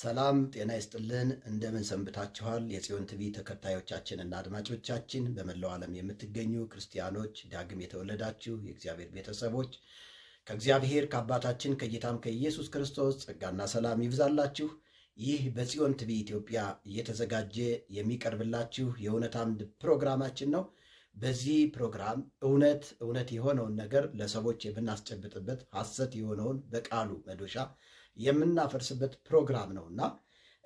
ሰላም ጤና ይስጥልን። እንደምን ሰንብታችኋል? የጽዮን ቲቪ ተከታዮቻችንና አድማጮቻችን በመላው ዓለም የምትገኙ ክርስቲያኖች፣ ዳግም የተወለዳችሁ የእግዚአብሔር ቤተሰቦች ከእግዚአብሔር ከአባታችን ከጌታም ከኢየሱስ ክርስቶስ ጸጋና ሰላም ይብዛላችሁ። ይህ በጽዮን ቲቪ ኢትዮጵያ እየተዘጋጀ የሚቀርብላችሁ የእውነት አምድ ፕሮግራማችን ነው። በዚህ ፕሮግራም እውነት እውነት የሆነውን ነገር ለሰዎች የምናስጨብጥበት ሐሰት የሆነውን በቃሉ መዶሻ የምናፈርስበት ፕሮግራም ነውና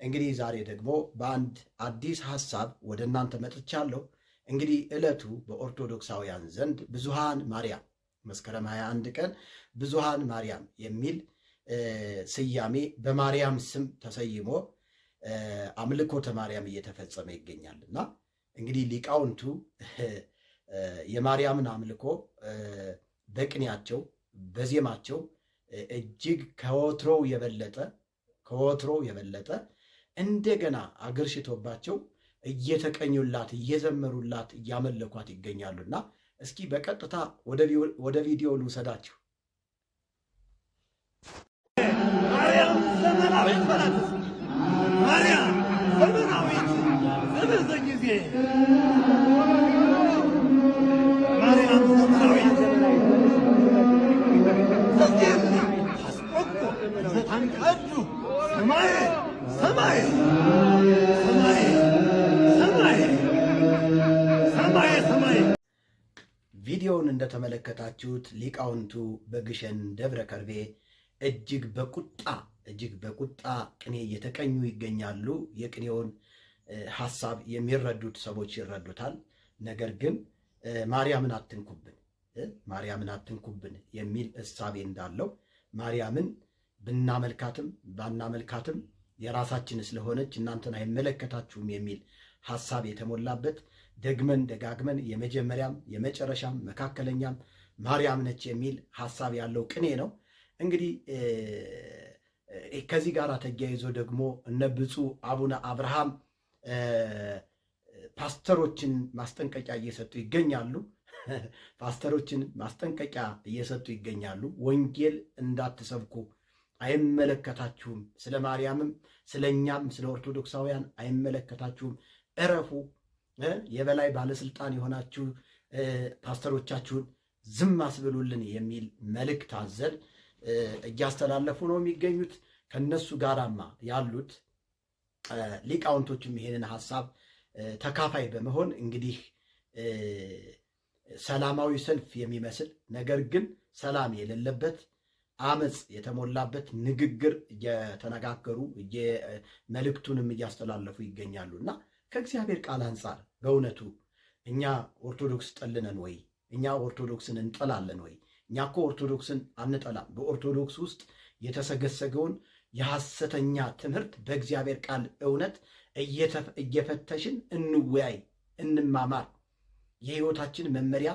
እንግዲህ ዛሬ ደግሞ በአንድ አዲስ ሐሳብ ወደ እናንተ መጥቻለሁ። እንግዲህ ዕለቱ በኦርቶዶክሳውያን ዘንድ ብዙሃን ማርያም መስከረም 21 ቀን ብዙሃን ማርያም የሚል ስያሜ በማርያም ስም ተሰይሞ አምልኮተ ማርያም እየተፈጸመ ይገኛል እና እንግዲህ ሊቃውንቱ የማርያምን አምልኮ በቅኔያቸው፣ በዜማቸው እጅግ ከወትሮው የበለጠ ከወትሮው የበለጠ እንደገና አገር ሽቶባቸው እየተቀኙላት እየዘመሩላት እያመለኳት ይገኛሉና እስኪ በቀጥታ ወደ ቪዲዮ ልውሰዳችሁ። ማርያም ዘመናዊ ጊዜ የተመለከታችሁት ሊቃውንቱ በግሸን ደብረ ከርቤ እጅግ በቁጣ እጅግ በቁጣ ቅኔ እየተቀኙ ይገኛሉ። የቅኔውን ሀሳብ የሚረዱት ሰዎች ይረዱታል። ነገር ግን ማርያምን አትንኩብን፣ ማርያምን አትንኩብን የሚል እሳቤ እንዳለው ማርያምን ብናመልካትም ባናመልካትም የራሳችን ስለሆነች እናንተን አይመለከታችሁም የሚል ሀሳብ የተሞላበት ደግመን ደጋግመን የመጀመሪያም የመጨረሻም መካከለኛም ማርያም ነች የሚል ሀሳብ ያለው ቅኔ ነው። እንግዲህ ከዚህ ጋር ተያይዞ ደግሞ እነ ብፁዕ አቡነ አብርሃም ፓስተሮችን ማስጠንቀቂያ እየሰጡ ይገኛሉ። ፓስተሮችን ማስጠንቀቂያ እየሰጡ ይገኛሉ። ወንጌል እንዳትሰብኩ አይመለከታችሁም፣ ስለ ማርያምም ስለ እኛም ስለ ኦርቶዶክሳውያን አይመለከታችሁም፣ እረፉ። የበላይ ባለስልጣን የሆናችሁ ፓስተሮቻችሁን ዝም አስብሉልን የሚል መልእክት አዘል እያስተላለፉ ነው የሚገኙት። ከነሱ ጋራማ ያሉት ሊቃውንቶችም ይሄንን ሀሳብ ተካፋይ በመሆን እንግዲህ ሰላማዊ ሰልፍ የሚመስል ነገር ግን ሰላም የሌለበት አመፅ የተሞላበት ንግግር እየተነጋገሩ መልእክቱንም እያስተላለፉ ይገኛሉ እና ከእግዚአብሔር ቃል አንጻር በእውነቱ እኛ ኦርቶዶክስ ጠልነን ወይ እኛ ኦርቶዶክስን እንጠላለን ወይ? እኛ እኮ ኦርቶዶክስን አንጠላም። በኦርቶዶክስ ውስጥ የተሰገሰገውን የሐሰተኛ ትምህርት በእግዚአብሔር ቃል እውነት እየፈተሽን እንወያይ፣ እንማማር። የህይወታችን መመሪያ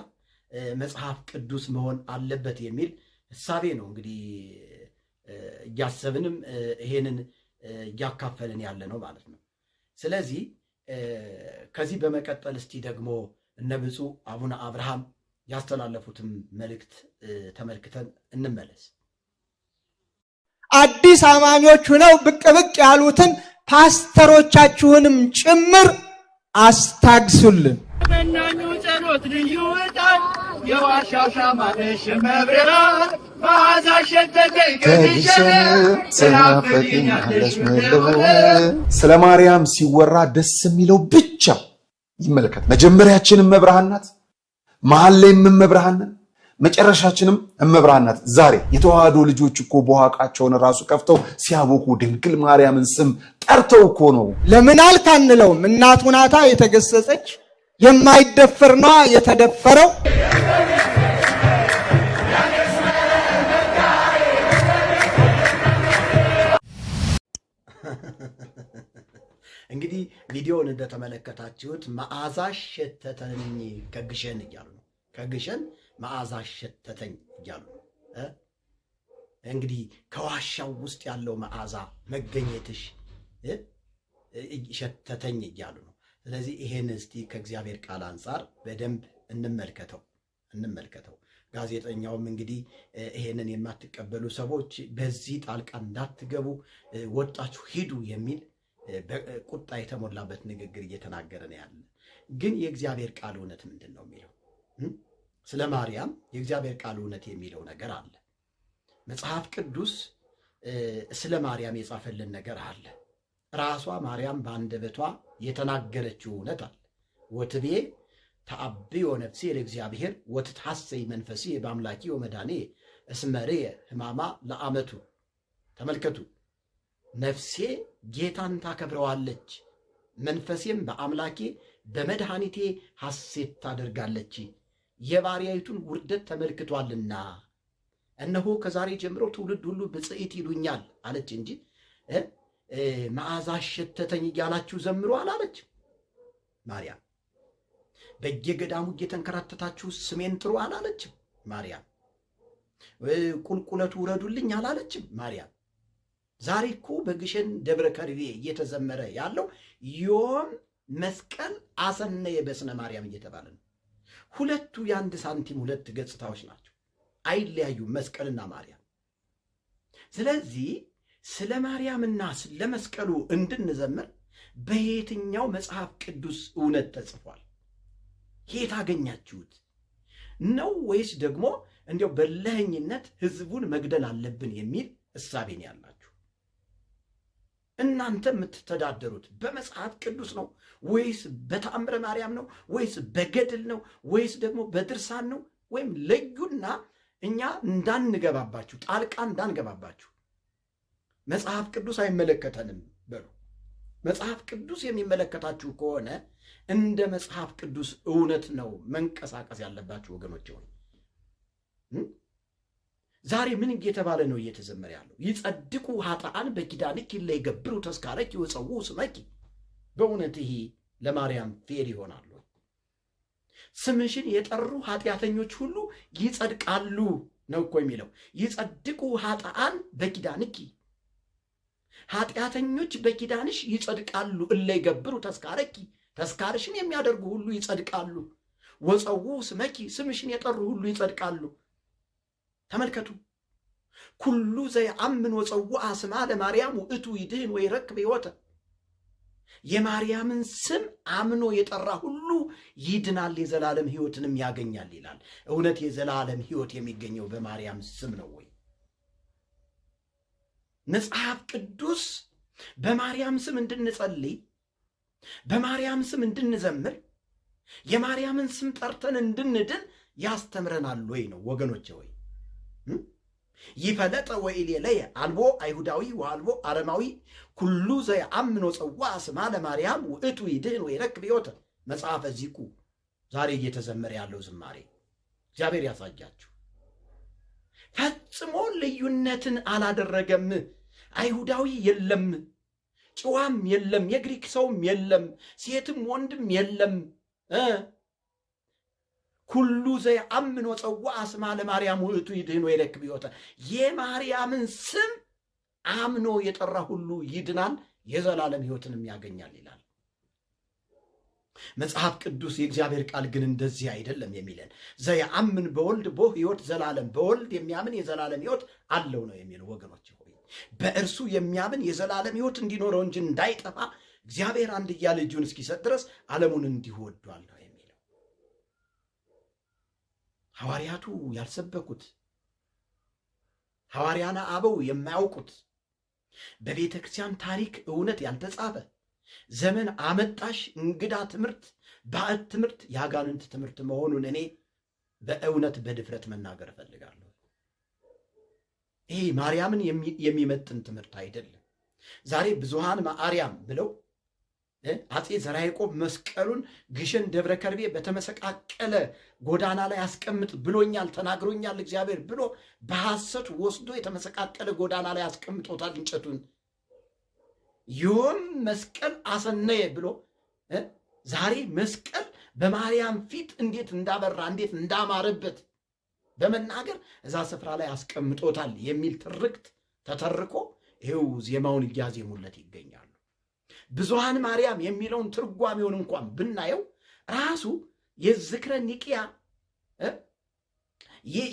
መጽሐፍ ቅዱስ መሆን አለበት የሚል እሳቤ ነው። እንግዲህ እያሰብንም ይሄንን እያካፈልን ያለ ነው ማለት ነው። ስለዚህ ከዚህ በመቀጠል እስቲ ደግሞ እነ ብፁዕ አቡነ አብርሃም ያስተላለፉትን መልእክት ተመልክተን እንመለስ። አዲስ አማኞች ሁነው ብቅ ብቅ ያሉትን ፓስተሮቻችሁንም ጭምር አስታግሱልን። በናኙ ጸሎት ልዩ ዕጣን የዋሻሻማ እሽ ስለ ማርያም ሲወራ ደስ የሚለው ብቻ ይመለከት። መጀመሪያችንም መብርሃን ናት። መሀል ላይ እመብርሃን መጨረሻችንም እመብርሃን ዛሬ የተዋህዶ ልጆች እኮ በዋቃቸውን ራሱ ከፍተው ሲያቦኩ ድንግል ማርያምን ስም ጠርተው እኮ ነው። ለምን አልክ አንለውም። እናቱ ናታ የተገሰጸች የማይደፈር ነዋ የተደፈረው ቪዲዮን እንደተመለከታችሁት መዓዛ ሸተተኝ ከግሸን እያሉ ነው። ከግሸን መዓዛ ሸተተኝ እያሉ ነው። እንግዲህ ከዋሻው ውስጥ ያለው መዓዛ መገኘትሽ ሸተተኝ እያሉ ነው። ስለዚህ ይሄን እስቲ ከእግዚአብሔር ቃል አንጻር በደንብ እንመልከተው እንመልከተው። ጋዜጠኛውም እንግዲህ ይሄንን የማትቀበሉ ሰዎች በዚህ ጣልቃ እንዳትገቡ ወጣችሁ ሂዱ የሚል በቁጣ የተሞላበት ንግግር እየተናገረ ነው ያለ። ግን የእግዚአብሔር ቃል እውነት ምንድን ነው የሚለው? ስለ ማርያም የእግዚአብሔር ቃል እውነት የሚለው ነገር አለ። መጽሐፍ ቅዱስ ስለ ማርያም የጻፈልን ነገር አለ። ራሷ ማርያም በአንደበቷ የተናገረችው እውነት አለ። ወትቤ ተአብዮ ነፍሴ ለእግዚአብሔር ወትትሐሰይ መንፈሴ በአምላኪ ወመድኃኔ እስመሬ ሕማማ ለአመቱ። ተመልከቱ ነፍሴ ጌታን ታከብረዋለች፣ መንፈሴም በአምላኬ በመድኃኒቴ ሐሴት ታደርጋለች፣ የባሪያይቱን ውርደት ተመልክቷልና። እነሆ ከዛሬ ጀምሮ ትውልድ ሁሉ ብፅዕት ይሉኛል አለች እንጂ መዓዛ ሸተተኝ እያላችሁ ዘምሩ አላለች ማርያም። በየገዳሙ እየተንከራተታችሁ ስሜን ጥሩ አላለችም ማርያም። ቁልቁለቱ ውረዱልኝ አላለችም ማርያም። ዛሬ እኮ በግሸን ደብረ ከርቤ እየተዘመረ ያለው ዮም መስቀል አሰነየ በስነ ማርያም እየተባለ ነው። ሁለቱ የአንድ ሳንቲም ሁለት ገጽታዎች ናቸው፣ አይለያዩም መስቀልና ማርያም። ስለዚህ ስለ ማርያምና ስለ መስቀሉ እንድንዘምር በየትኛው መጽሐፍ ቅዱስ እውነት ተጽፏል? የት አገኛችሁት ነው? ወይስ ደግሞ እንዲያው በለህኝነት ህዝቡን መግደል አለብን የሚል እሳቤን ያላቸው እናንተ የምትተዳደሩት በመጽሐፍ ቅዱስ ነው ወይስ በተአምረ ማርያም ነው ወይስ በገድል ነው ወይስ ደግሞ በድርሳን ነው? ወይም ለዩና እኛ እንዳንገባባችሁ ጣልቃ እንዳንገባባችሁ መጽሐፍ ቅዱስ አይመለከተንም በሉ። መጽሐፍ ቅዱስ የሚመለከታችሁ ከሆነ እንደ መጽሐፍ ቅዱስ እውነት ነው መንቀሳቀስ ያለባችሁ ወገኖች ሆይ ዛሬ ምን እየተባለ ነው እየተዘመረ ያለው? ይጸድቁ ኃጥአን በኪዳንኪ ለይገብሩ ተስካረኪ ወፀው ስመኪ። በእውነት ለማርያም ፌር ይሆናሉ። ስምሽን የጠሩ ኃጢአተኞች ሁሉ ይጸድቃሉ ነው እኮ የሚለው። ይጸድቁ ኃጥአን በኪዳንኪ፣ ኃጢአተኞች በኪዳንሽ ይጸድቃሉ። እለ ይገብሩ ተስካረኪ፣ ተስካርሽን የሚያደርጉ ሁሉ ይጸድቃሉ። ወፀው ስመኪ፣ ስምሽን የጠሩ ሁሉ ይጸድቃሉ። ተመልከቱ። ኩሉ ዘየአምን ወፀውአ ስማ ለማርያም ውእቱ ይድህን ረክብ ሕይወተ። የማርያምን ስም አምኖ የጠራ ሁሉ ይድናል የዘላለም ሕይወትንም ያገኛል ይላል። እውነት የዘላለም ሕይወት የሚገኘው በማርያም ስም ነው ወይ? መጽሐፍ ቅዱስ በማርያም ስም እንድንጸልይ፣ በማርያም ስም እንድንዘምር፣ የማርያምን ስም ጠርተን እንድንድን ያስተምረናል ወይ ነው ወገኖቼ ወይ ይፈለጠ ወኢሌለየ አልቦ አይሁዳዊ ወአልቦ አረማዊ ኩሉ ዘየአምኖ ጽዋ ስማ ለማርያም ውእቱ ይድህን ወይረክብ ሕይወተ መጽሐፈ ዚቁ። ዛሬ እየተዘመረ ያለው ዝማሬ እግዚአብሔር ያሳያችሁ። ፈጽሞ ልዩነትን አላደረገም። አይሁዳዊ የለም፣ ጭዋም የለም፣ የግሪክ ሰውም የለም፣ ሴትም ወንድም የለም። ሁሉ ዘየአምን ወፀዋ አስማ ለማርያም ውእቱ ይድህኖ ወይለክ ብዮተ የማርያምን ስም አምኖ የጠራ ሁሉ ይድናል የዘላለም ሕይወትንም ያገኛል ይላል መጽሐፍ ቅዱስ። የእግዚአብሔር ቃል ግን እንደዚህ አይደለም የሚለን ዘየአምን በወልድ ቦ ሕይወት ዘላለም በወልድ የሚያምን የዘላለም ሕይወት አለው ነው የሚለው። ወገኖች ሆይ በእርሱ የሚያምን የዘላለም ሕይወት እንዲኖረው እንጂ እንዳይጠፋ እግዚአብሔር አንድያ ልጁን እስኪሰጥ ድረስ ዓለሙን እንዲሁ ወዷል። ሐዋርያቱ ያልሰበኩት ሐዋርያነ አበው የማያውቁት በቤተ ክርስቲያን ታሪክ እውነት ያልተጻፈ ዘመን አመጣሽ እንግዳ ትምህርት ባዕድ ትምህርት የአጋንንት ትምህርት መሆኑን እኔ በእውነት በድፍረት መናገር እፈልጋለሁ። ይሄ ማርያምን የሚመጥን ትምህርት አይደለም። ዛሬ ብዙሃን ማርያም ብለው አጼ ዘርዓ ያዕቆብ መስቀሉን ግሸን ደብረ ከርቤ በተመሰቃቀለ ጎዳና ላይ አስቀምጥ ብሎኛል፣ ተናግሮኛል እግዚአብሔር ብሎ በሐሰት ወስዶ የተመሰቃቀለ ጎዳና ላይ አስቀምጦታል እንጨቱን። ይሁም መስቀል አሰነየ ብሎ ዛሬ መስቀል በማርያም ፊት እንዴት እንዳበራ እንዴት እንዳማረበት በመናገር እዛ ስፍራ ላይ አስቀምጦታል የሚል ትርክት ተተርኮ ይኸው ዜማውን እያዜሙለት ይገኛሉ። ብዙሃን ማርያም የሚለውን ትርጓሜውን እንኳን ብናየው ራሱ የዝክረ ኒቅያ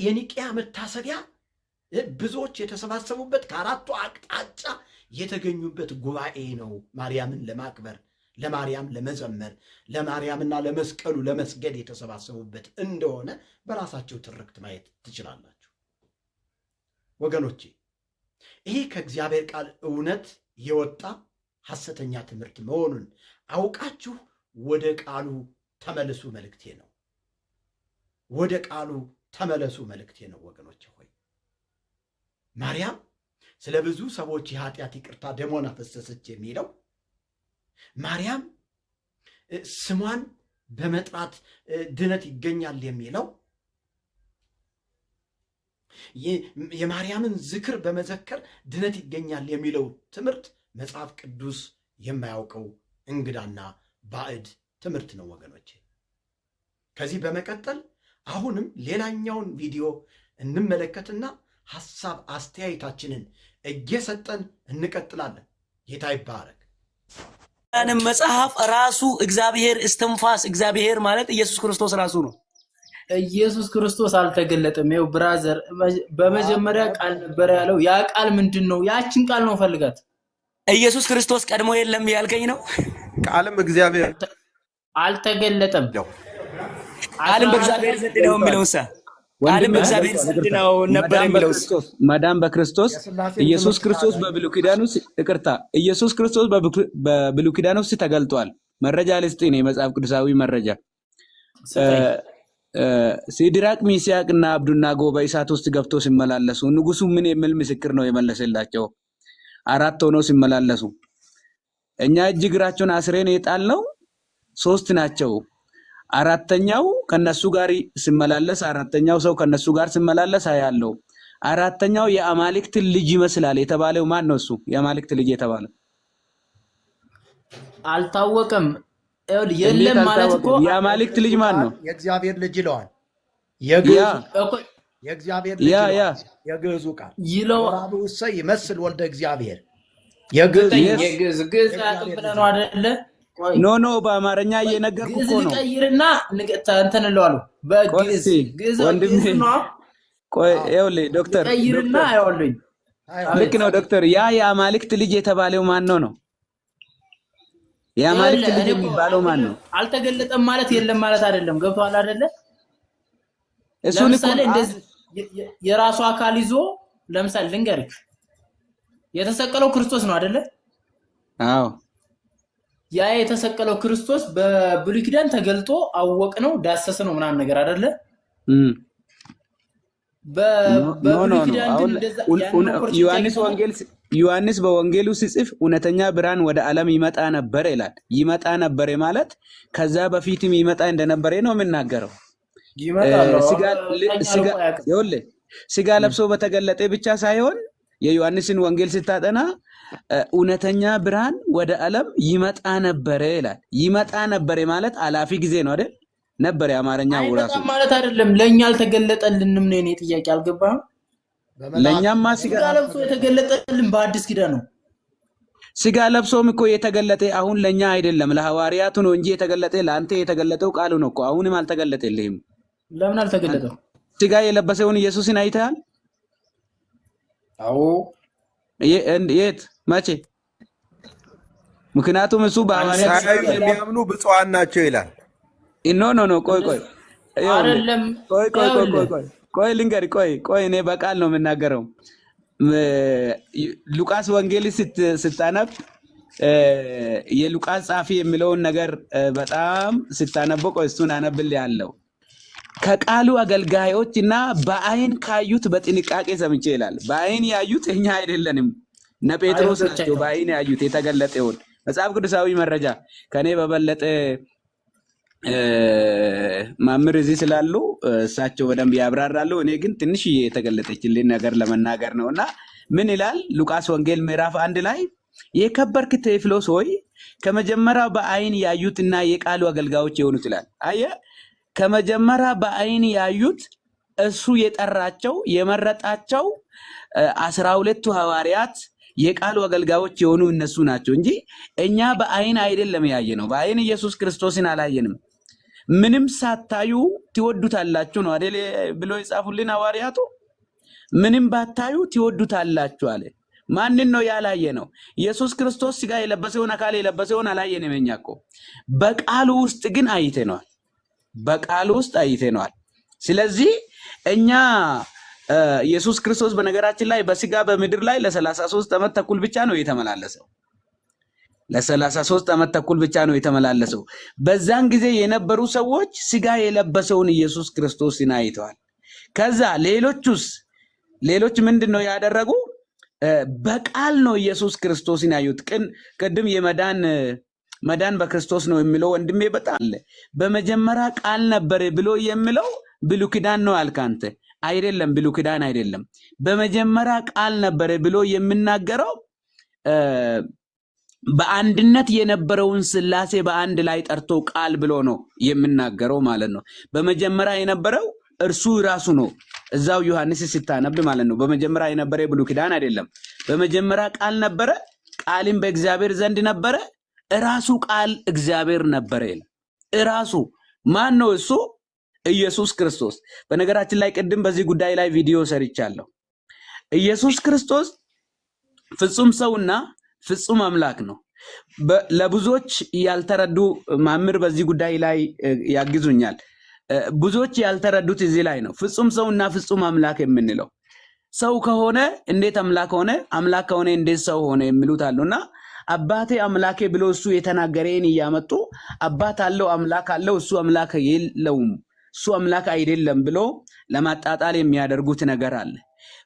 የኒቅያ መታሰቢያ ብዙዎች የተሰባሰቡበት ከአራቱ አቅጣጫ የተገኙበት ጉባኤ ነው። ማርያምን ለማክበር ለማርያም ለመዘመር ለማርያምና ለመስቀሉ ለመስገድ የተሰባሰቡበት እንደሆነ በራሳቸው ትርክት ማየት ትችላላችሁ። ወገኖቼ ይህ ከእግዚአብሔር ቃል እውነት የወጣ ሐሰተኛ ትምህርት መሆኑን አውቃችሁ ወደ ቃሉ ተመለሱ መልእክቴ ነው። ወደ ቃሉ ተመለሱ መልእክቴ ነው። ወገኖች ሆይ ማርያም ስለ ብዙ ሰዎች የኃጢአት ይቅርታ ደሟን አፈሰሰች የሚለው ማርያም ስሟን በመጥራት ድነት ይገኛል የሚለው የማርያምን ዝክር በመዘከር ድነት ይገኛል የሚለው ትምህርት መጽሐፍ ቅዱስ የማያውቀው እንግዳና ባዕድ ትምህርት ነው ወገኖች። ከዚህ በመቀጠል አሁንም ሌላኛውን ቪዲዮ እንመለከትና ሐሳብ አስተያየታችንን እየሰጠን እንቀጥላለን። ጌታ ይባረክ። መጽሐፍ ራሱ እግዚአብሔር እስትንፋስ እግዚአብሔር ማለት ኢየሱስ ክርስቶስ ራሱ ነው። ኢየሱስ ክርስቶስ አልተገለጠም። ይኸው ብራዘር፣ በመጀመሪያ ቃል ነበረ ያለው ያ ቃል ምንድን ነው? ያችን ቃል ነው ፈልጋት ኢየሱስ ክርስቶስ ቀድሞ የለም ያልከኝ ነው። ቃልም እግዚአብሔር አልተገለጠም። ቃልም በእግዚአብሔር ዘንድ ነው የሚለው የሚለውሳ ቃልም በእግዚአብሔር ዘንድ ነው ነበር የሚለውስ መዳን በክርስቶስ ኢየሱስ ክርስቶስ በብሉይ ኪዳን ውስጥ ይቅርታ፣ ኢየሱስ ክርስቶስ በብሉይ ኪዳን ውስጥ ተገልጧል። መረጃ ልስጥህ፣ የመጽሐፍ ቅዱሳዊ መረጃ ሲድራቅ ሚስያቅና አብዱና ጎበ እሳት ውስጥ ገብቶ ሲመላለሱ ንጉሱ ምን የሚል ምስክር ነው የመለሰላቸው? አራት ሆነው ሲመላለሱ እኛ እጅ እግራቸውን አስሬን የጣልነው ሶስት ናቸው። አራተኛው ከነሱ ጋር ሲመላለስ አራተኛው ሰው ከነሱ ጋር ሲመላለስ አያለው። አራተኛው የአማልክት ልጅ ይመስላል የተባለው ማን ነው? እሱ የአማልክት ልጅ የተባለው አልታወቀም። የለም ማለት እኮ የአማልክት ልጅ ማን ነው? የእግዚአብሔር ልጅ ይለዋል። የእግዚአብሔር ያ የግዕዙ ቃል ይለው ራብ ውሰ ይመስል ወልደ እግዚአብሔር የግዕዝ ኖ ኖ በአማርኛ እየነገርኩ እኮ ነው። ቀይርና እንትን እለዋለሁ በግዕዝ ግዕዝ ወንድሜ። ቆይ ይኸውልህ ዶክተር ቀይርና ይኸውልኝ ልክ ነው ዶክተር። ያ የአማልክት ልጅ የተባለው ማን ነው ነው? የአማልክት ልጅ የሚባለው ማን ነው? አልተገለጠም ማለት የለም ማለት አይደለም። ገብቶሃል አይደለ? እሱን የራሱ አካል ይዞ ለምሳሌ ልንገርህ፣ የተሰቀለው ክርስቶስ ነው አይደለ? አዎ። ያ የተሰቀለው ክርስቶስ በብሉይ ኪዳን ተገልጦ አወቅ ነው ዳሰስ ነው ምናምን ነገር አይደለ? ዮሐንስ በወንጌሉ ሲጽፍ እውነተኛ ብርሃን ወደ ዓለም ይመጣ ነበር ይላል። ይመጣ ነበር ማለት ከዛ በፊትም ይመጣ እንደነበረ ነው የምናገረው። ስጋ ለብሶ በተገለጠ ብቻ ሳይሆን የዮሐንስን ወንጌል ስታጠና እውነተኛ ብርሃን ወደ ዓለም ይመጣ ነበረ ይላል። ይመጣ ነበረ ማለት አላፊ ጊዜ ነው አይደል? ነበር የአማርኛ ውራሱ ማለት አይደለም። ለእኛ አልተገለጠልንም ነው የኔ ጥያቄ። አልገባም። ለእኛማ ስጋ ለብሶ የተገለጠልን በአዲስ ኪዳን ነው። ስጋ ለብሶም እኮ የተገለጠ አሁን ለእኛ አይደለም ለሐዋርያቱ ነው እንጂ የተገለጠ ለአንተ የተገለጠው ቃሉ ነው እኮ አሁንም አልተገለጠልህም። ለምን አልተገለጠም? ስጋ የለበሰውን ኢየሱስን አይተሃል? አዎ። የት መቼ? ምክንያቱም እሱ በሐዋርያት የሚያምኑ ብፁዓን ናቸው ይላል። ኖ ኖ ኖ፣ ቆይ ቆይ ቆይ ቆይ ቆይ ቆይ ቆይ ቆይ እኔ በቃል ነው የምናገረው። ሉቃስ ወንጌል ስታነብ የሉቃስ ጻፊ የሚለውን ነገር በጣም ስታነበው፣ ቆይ እሱን አነብል ያለው ከቃሉ አገልጋዮች እና በአይን ካዩት በጥንቃቄ ሰምቼ ይላል። በአይን ያዩት እኛ አይደለንም፣ እነ ጴጥሮስ ናቸው። በአይን ያዩት የተገለጠውን መጽሐፍ ቅዱሳዊ መረጃ ከኔ በበለጠ ማምር እዚህ ስላሉ እሳቸው በደንብ ያብራራሉ። እኔ ግን ትንሽ የተገለጠችልን ነገር ለመናገር ነው እና ምን ይላል ሉቃስ ወንጌል ምዕራፍ አንድ ላይ የከበርክ ቴዎፍሎስ ሆይ ከመጀመሪያው በአይን ያዩትና የቃሉ አገልጋዮች የሆኑት ይላል። አየህ ከመጀመሪያ በአይን ያዩት እሱ የጠራቸው የመረጣቸው አስራ ሁለቱ ሐዋርያት የቃሉ አገልጋዮች የሆኑ እነሱ ናቸው እንጂ እኛ በአይን አይደለም ያየ ነው። በአይን ኢየሱስ ክርስቶስን አላየንም። ምንም ሳታዩ ትወዱታላችሁ ነው አደ ብሎ የጻፉልን ሐዋርያቱ። ምንም ባታዩ ትወዱታላችሁ አለ። ማንን ነው ያላየ ነው? ኢየሱስ ክርስቶስ ስጋ የለበሰውን አካል የለበሰውን አላየንም። እኛ እኮ በቃሉ ውስጥ ግን አይተነዋል። በቃል ውስጥ አይተነዋል። ስለዚህ እኛ ኢየሱስ ክርስቶስ በነገራችን ላይ በስጋ በምድር ላይ ለሰላሳ ሶስት ዓመት ተኩል ብቻ ነው የተመላለሰው። ለሰላሳ ሶስት ዓመት ተኩል ብቻ ነው የተመላለሰው። በዛን ጊዜ የነበሩ ሰዎች ስጋ የለበሰውን ኢየሱስ ክርስቶስን አይተዋል። ከዛ ሌሎቹስ ሌሎች ምንድን ነው ያደረጉ? በቃል ነው ኢየሱስ ክርስቶስን ያዩት። ቅን ቅድም የመዳን መዳን በክርስቶስ ነው የሚለው ወንድሜ በጣም አለ። በመጀመሪያ ቃል ነበር ብሎ የሚለው ብሉ ኪዳን ነው ያልክ አንተ። አይደለም፣ ብሉ ኪዳን አይደለም። በመጀመሪያ ቃል ነበር ብሎ የሚናገረው በአንድነት የነበረውን ስላሴ በአንድ ላይ ጠርቶ ቃል ብሎ ነው የሚናገረው ማለት ነው። በመጀመሪያ የነበረው እርሱ ራሱ ነው። እዛው ዮሐንስ ሲታነብ ማለት ነው። በመጀመሪያ የነበረ ብሉ ኪዳን አይደለም። በመጀመሪያ ቃል ነበረ፣ ቃልም በእግዚአብሔር ዘንድ ነበረ፣ እራሱ ቃል እግዚአብሔር ነበረ ይላል። እራሱ ማን ነው እሱ? ኢየሱስ ክርስቶስ። በነገራችን ላይ ቅድም በዚህ ጉዳይ ላይ ቪዲዮ ሰርቻለሁ። ኢየሱስ ክርስቶስ ፍጹም ሰውና ፍጹም አምላክ ነው። ለብዙዎች ያልተረዱ ማምር በዚህ ጉዳይ ላይ ያግዙኛል። ብዙዎች ያልተረዱት እዚህ ላይ ነው። ፍጹም ሰውና ፍጹም አምላክ የምንለው ሰው ከሆነ እንዴት አምላክ ሆነ፣ አምላክ ከሆነ እንዴት ሰው ሆነ የሚሉት አሉና አባቴ አምላኬ ብሎ እሱ የተናገረን እያመጡ አባት አለው አምላክ አለው እሱ አምላክ የለውም እሱ አምላክ አይደለም ብሎ ለማጣጣል የሚያደርጉት ነገር አለ።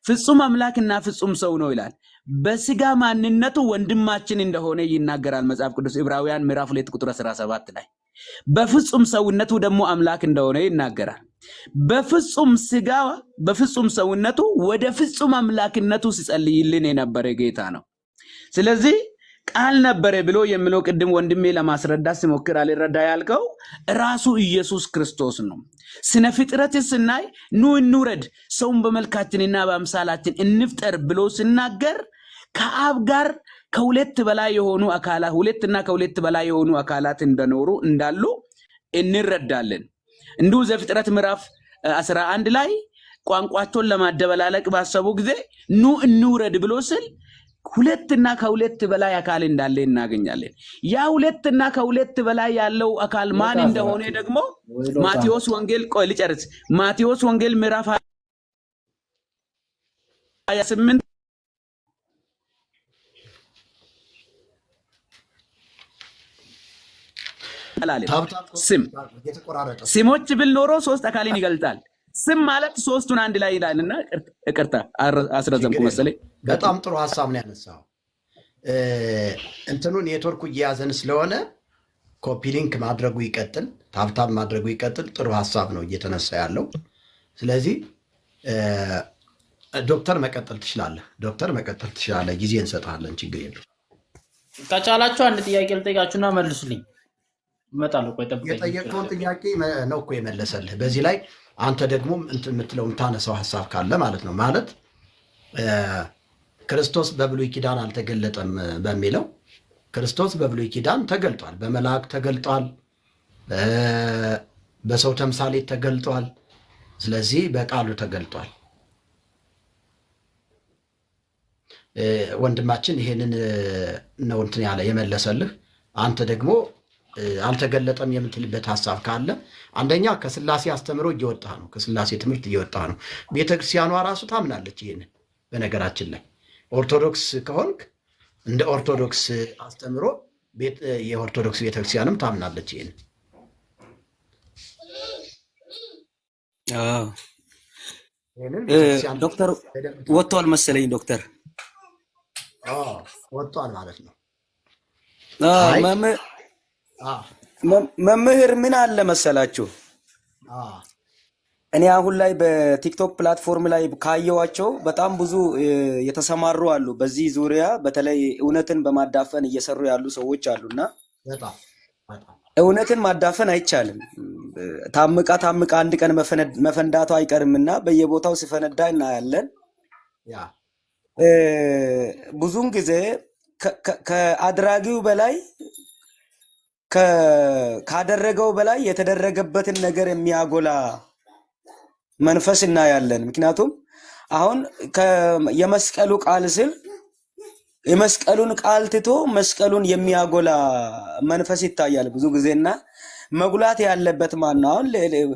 ፍጹም አምላክና ፍጹም ሰው ነው ይላል። በስጋ ማንነቱ ወንድማችን እንደሆነ ይናገራል መጽሐፍ ቅዱስ ዕብራውያን ምዕራፍ ሁለት ቁጥር 17 ላይ። በፍጹም ሰውነቱ ደግሞ አምላክ እንደሆነ ይናገራል። በፍጹም ስጋ በፍጹም ሰውነቱ ወደ ፍጹም አምላክነቱ ሲጸልይልን የነበረ ጌታ ነው። ስለዚህ ቃል ነበረ ብሎ የምለው ቅድም ወንድሜ ለማስረዳት ሲሞክር አልረዳ ያልከው ራሱ ኢየሱስ ክርስቶስ ነው። ስነ ፍጥረት ስናይ ኑ እንውረድ፣ ሰውን በመልካችንና በአምሳላችን እንፍጠር ብሎ ሲናገር ከአብ ጋር ከሁለት በላይ የሆኑ አካላት ሁለትና ከሁለት በላይ የሆኑ አካላት እንደኖሩ እንዳሉ እንረዳለን። እንዲሁ ዘፍጥረት ምዕራፍ አስራ አንድ ላይ ቋንቋቸውን ለማደበላለቅ ባሰቡ ጊዜ ኑ እንውረድ ብሎ ስል ሁለትና ከሁለት በላይ አካል እንዳለ እናገኛለን። ያ እና ከሁለት በላይ ያለው አካል ማን እንደሆነ ደግሞ ማቴዎስ ወንጌል ቆይ ልጨርስ። ማቴዎስ ወንጌል ምዕራፍ ሀያ ስምንት ስም ስሞች ብል ኖሮ ሶስት አካልን ይገልጣል። ስም ማለት ሶስቱን አንድ ላይ ይላልና፣ እና ይቅርታ አስረዘምኩ መሰለኝ። በጣም ጥሩ ሀሳብ ነው ያነሳው። እንትኑ ኔትወርኩ እየያዘን ስለሆነ ኮፒ ሊንክ ማድረጉ ይቀጥል፣ ታብታብ ማድረጉ ይቀጥል። ጥሩ ሀሳብ ነው እየተነሳ ያለው። ስለዚህ ዶክተር መቀጠል ትችላለህ። ዶክተር መቀጠል ትችላለህ። ጊዜ እንሰጥሃለን። ችግር የለም። ከቻላችሁ አንድ ጥያቄ ልጠይቃችሁና መልሱልኝ። የጠየቀውን ጥያቄ ነው እኮ የመለሰልህ። በዚህ ላይ አንተ ደግሞ የምትለው የምታነሳው ሀሳብ ካለ ማለት ነው ማለት ክርስቶስ በብሉይ ኪዳን አልተገለጠም በሚለው ክርስቶስ በብሉይ ኪዳን ተገልጧል። በመልአክ ተገልጧል። በሰው ተምሳሌት ተገልጧል። ስለዚህ በቃሉ ተገልጧል። ወንድማችን ይሄንን ነው እንትን ያለ የመለሰልህ አንተ ደግሞ አልተገለጠም የምትልበት ሀሳብ ካለ አንደኛ ከስላሴ አስተምሮ እየወጣ ነው፣ ከስላሴ ትምህርት እየወጣ ነው። ቤተክርስቲያኗ ራሱ ታምናለች ይህንን። በነገራችን ላይ ኦርቶዶክስ ከሆንክ እንደ ኦርቶዶክስ አስተምሮ የኦርቶዶክስ ቤተክርስቲያንም ታምናለች ይህን። ዶክተር ወጥቷል መሰለኝ። ዶክተር ወጥቷል ማለት ነው። መምህር ምን አለ መሰላችሁ፣ እኔ አሁን ላይ በቲክቶክ ፕላትፎርም ላይ ካየዋቸው በጣም ብዙ የተሰማሩ አሉ። በዚህ ዙሪያ በተለይ እውነትን በማዳፈን እየሰሩ ያሉ ሰዎች አሉና እውነትን ማዳፈን አይቻልም። ታምቃ ታምቃ አንድ ቀን መፈንዳቱ አይቀርም እና በየቦታው ሲፈነዳ እናያለን። ብዙን ጊዜ ከአድራጊው በላይ ካደረገው በላይ የተደረገበትን ነገር የሚያጎላ መንፈስ እናያለን። ምክንያቱም አሁን የመስቀሉ ቃል ስል የመስቀሉን ቃል ትቶ መስቀሉን የሚያጎላ መንፈስ ይታያል ብዙ ጊዜና መጉላት ያለበት ማን ነው? አሁን